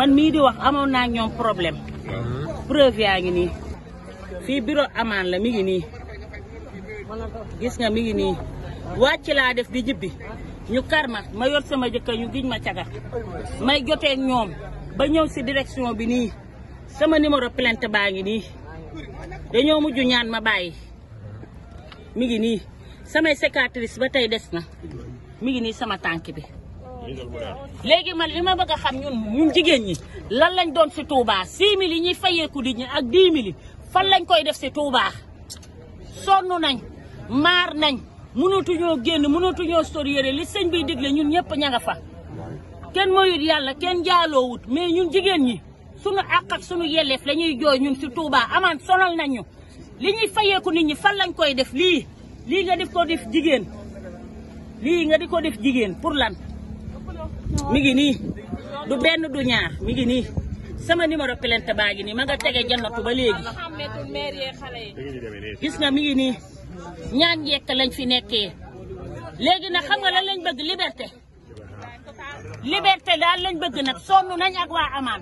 man mii di wax amoon naa ñoom problème mhm. preuve yaa ngi nii fii bureau amaan la mi ngi nii gis nga mi ngi nii wàcc laa def di jibbi ñu kar ma ma yor sama jëkkër ñu giñ ma caga may jotee ñoom ba ñëw si direction bi nii sama numéro plainte baa ngi nii dañoo mujj ñaan ma bàyyi mi ngi nii samay cicatrice ba tey des na mi ngi nii sama tànk bi léegi man li ma bëgg xam ñun ñun jigéen ñi lan lañ doon fi Touba 6 000 yi ñuy fayeeku di ñi ak 10 000 fan lañ koy def si Touba sonn nañ maar nañ mënatuñoo génn mënatuñoo sori yére li sëñ bi digle ñun ñëpp ña nga fa. kenn moyut yàlla kenn jaaloowut mais ñun jigéen ñi sunu àq ak sunu yelleef la jooy ñun si Touba amaan sonal nañ ñu li ñuy fayeeku nit ñi fan lañ koy def lii lii nga di ko def jigéen li nga di ko def jigéen pour lan. mi ngi nii du benn du ñaar mi ngi nii sama numéro plainte baa ngi ma nga tege jannatu ba léegi gis nga mi ngi nii ñaan njekk lañ fi nekkee léegi nag xam nga lan lañ bëgg liberté liberté daal lañ bëgg nag sonn nañ ak waa amaan